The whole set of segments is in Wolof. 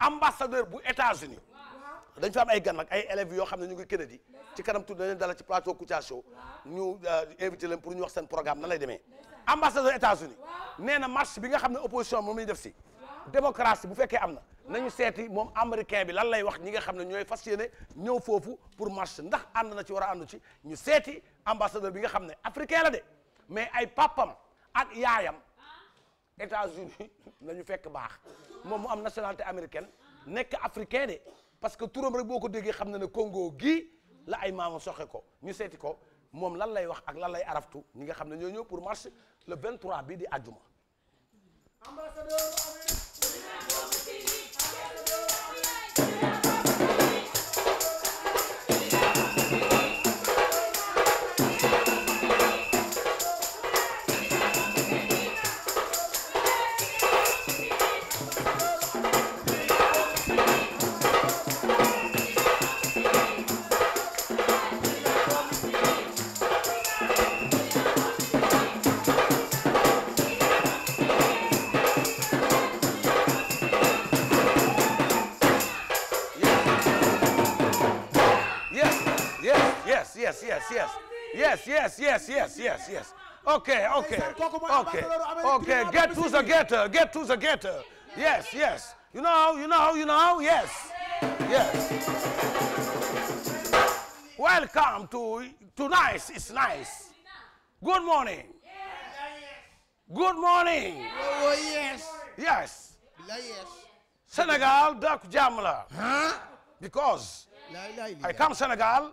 ambassadeur bu États-Unis dañ fa am ay gan nag ay élèves yoo xam ne ñu ngi Kennedy ci kanam tudd dañ leen dala ci plateau Kouthia Show ñu euh, invité leen pour ñu wax seen programme nan lay demee ambassadeur États-Unis nee na marche bi nga xam ne opposition moom la def si démocratie bu fekkee am na nañu seeti moom américain bi lan lay wax ñi nga xam ne ñooy fas yéene ñëw foofu pour marche ndax ànd na ci war a àndu ci ñu seeti ambassadeur bi nga xam ne africain la de mais ay papam ak yaayam États-Unis na ñu fekk baax moom mu am nationalité américaine nekk africain de parce que turam rek boo ko déggee xam na ne Congo gii la ay maama soxe ko ñu seeti ko moom lan lay wax ak lan lay araftu ñi nga xam ne ñoo ñëw pour marché le 23 bii di àjjuma ambassadeur yes yes yes yes yes yes yes yes yes okay okay get to the getter yes yes you know you know yes yes welcome to tonight's is nice good morning good morning oh, yes yes Sénégal dëkk because I come Sénégal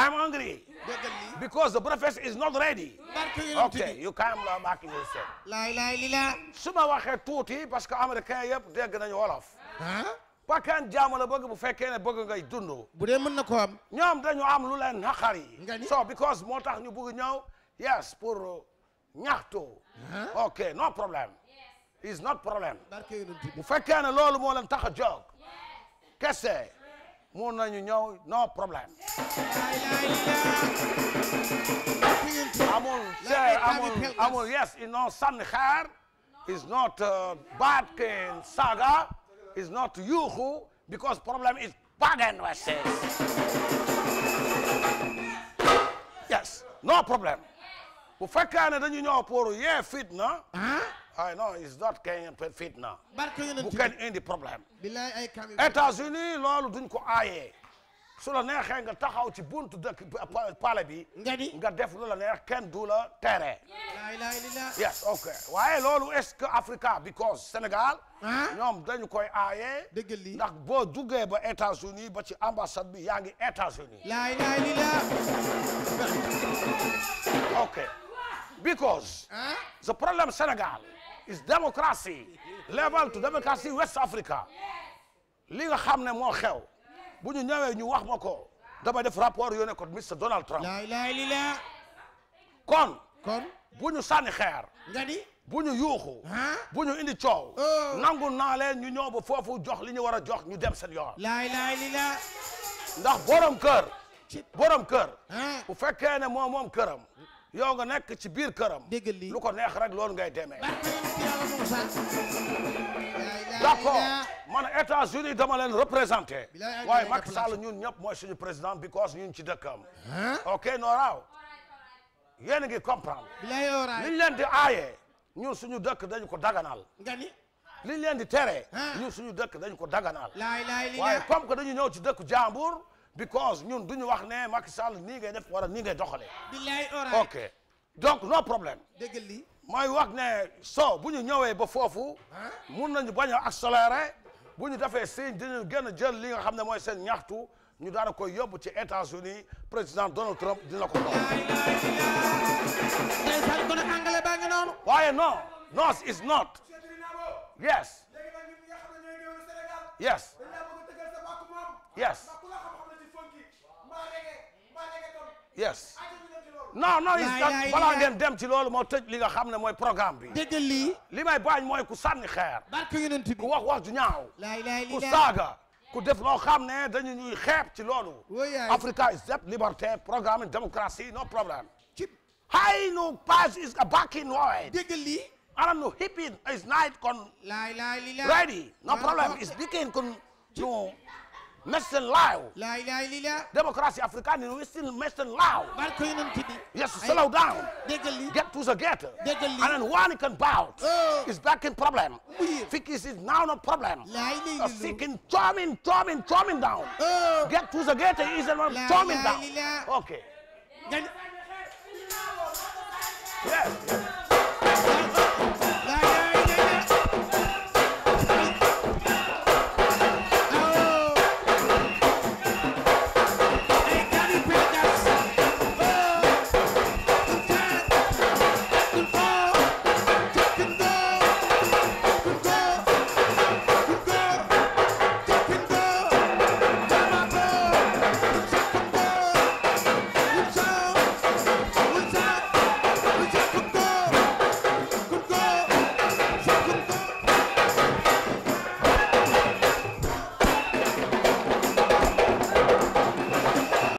I'm hungry. Because the prophet is not ready. Okay, you come back yourself. laa ilaaha illallaah. su ma waxee tuuti parce que américain yëpp dégg nañu wolof. bakkan jaamu la bëgg bu fekkee ne bëgg ngay dund. bu dee mën na ko am. ñoom dañu am lu leen naqari. nga ni so because moo tax ñu bëgg ñëw yes pour ñaxtu. ok no problem. is not problem. bu fekkee ne loolu moo leen tax a jóg. kese. mun nañu ñëw no problème. amul cher amul amul yes you know sànni xeer is not uh, bad ken saga is not yuuxu because problem is Bargain Western. yes no problem bu fekkee ne dañu ñëw pour yee fitna. ah non it's not Kenyan fit unis loolu duñ ko aayee. su neexee nga taxaw ci buntu dëkk pale bi. nga di def la neex kenn du la tere. la ilaha illallah. yes ok waaye loolu est-ce que Africa because Sénégal. Ah? ñoom dañu koy aaye. ndax boo duggee ba États-Unis ba ci ambassade bi yaa ngi États-Unis. la ilaha illallah. ok because. Ah? the problème Sénégal. is democracy level to democracy West Africa li nga xam ne moo xew bu ñu ñëwee ñu wax ma ko dama def rapport yónnee ko Mr Donald Trump. la ilaha illallah. kon. bu ñu sànni xeer. nga bu ñu yuuxu. bu ñu indi coow. Oh. nangu naa leen ñu ñëw ba foofu jox li ñu war a jox ñu dem seen yoon. la ilaha illallah. ndax borom kër. borom kër. bu fekkee ne moom moom këram. yow nga nekk ci biir këram. dégg lii lu ko neex rek loolu ngay demee. d'accord man États-Unis dama leen représenté. waaye Macky Sall ñun ñëpp mooy suñu président because ñun ci dëkkam. ok nooraaw. yéen a ngi comprendre. liñ leen di aaye. ñun suñu dëkk dañu ko daganal. nga ni. leen di tere. ñun suñu dëkk dañu ko daganal. waaye comme que dañu ñëw ci dëkku jàmbur. because ñun duñu wax ne Macky Sall nii ngay def war a nii ngay doxalee. billaay oraay ok donc no problème. dëgg li mooy wax ne so bu ñu ñëwee ba foofu. mun nañu bañ a accélérer bu ñu defee signe dinañu gën a jël li nga xam ne mooy seen ñaxtu ñu daana koy yóbbu ci États-Unis président Donald Trump dina ko doon. kon anglais baa ngi waaye non non is not. yes. yes. yes non non it balaa ngeen ci loolu moo tëj li nga xam ne mooy programme bi. dégg lii li may baañ mooy ku sànni xeer. barke yonent bi ku wax wax ju ñaaw. ku saaga ku def loo xam ne dañu ci loolu. Oh, Africa is debt, liberté programme démocratie no problem. hay nu pass is a back in way. dégg is night kon. no problem is bikin kon Messing loud. La ilaha illallah. Democracy Africana we still messing loud. Barko yonentidi. Yes, slow down. Déggal Get to the ghetto. Déggal li. And then one can bow. Oh. It's back in problem. Oui. Fix is now no problem. La ilaha illallah. Seeking storming, storming, storming down. Oh. Get to the ghetto is a storming down. Okay. Yes. yes.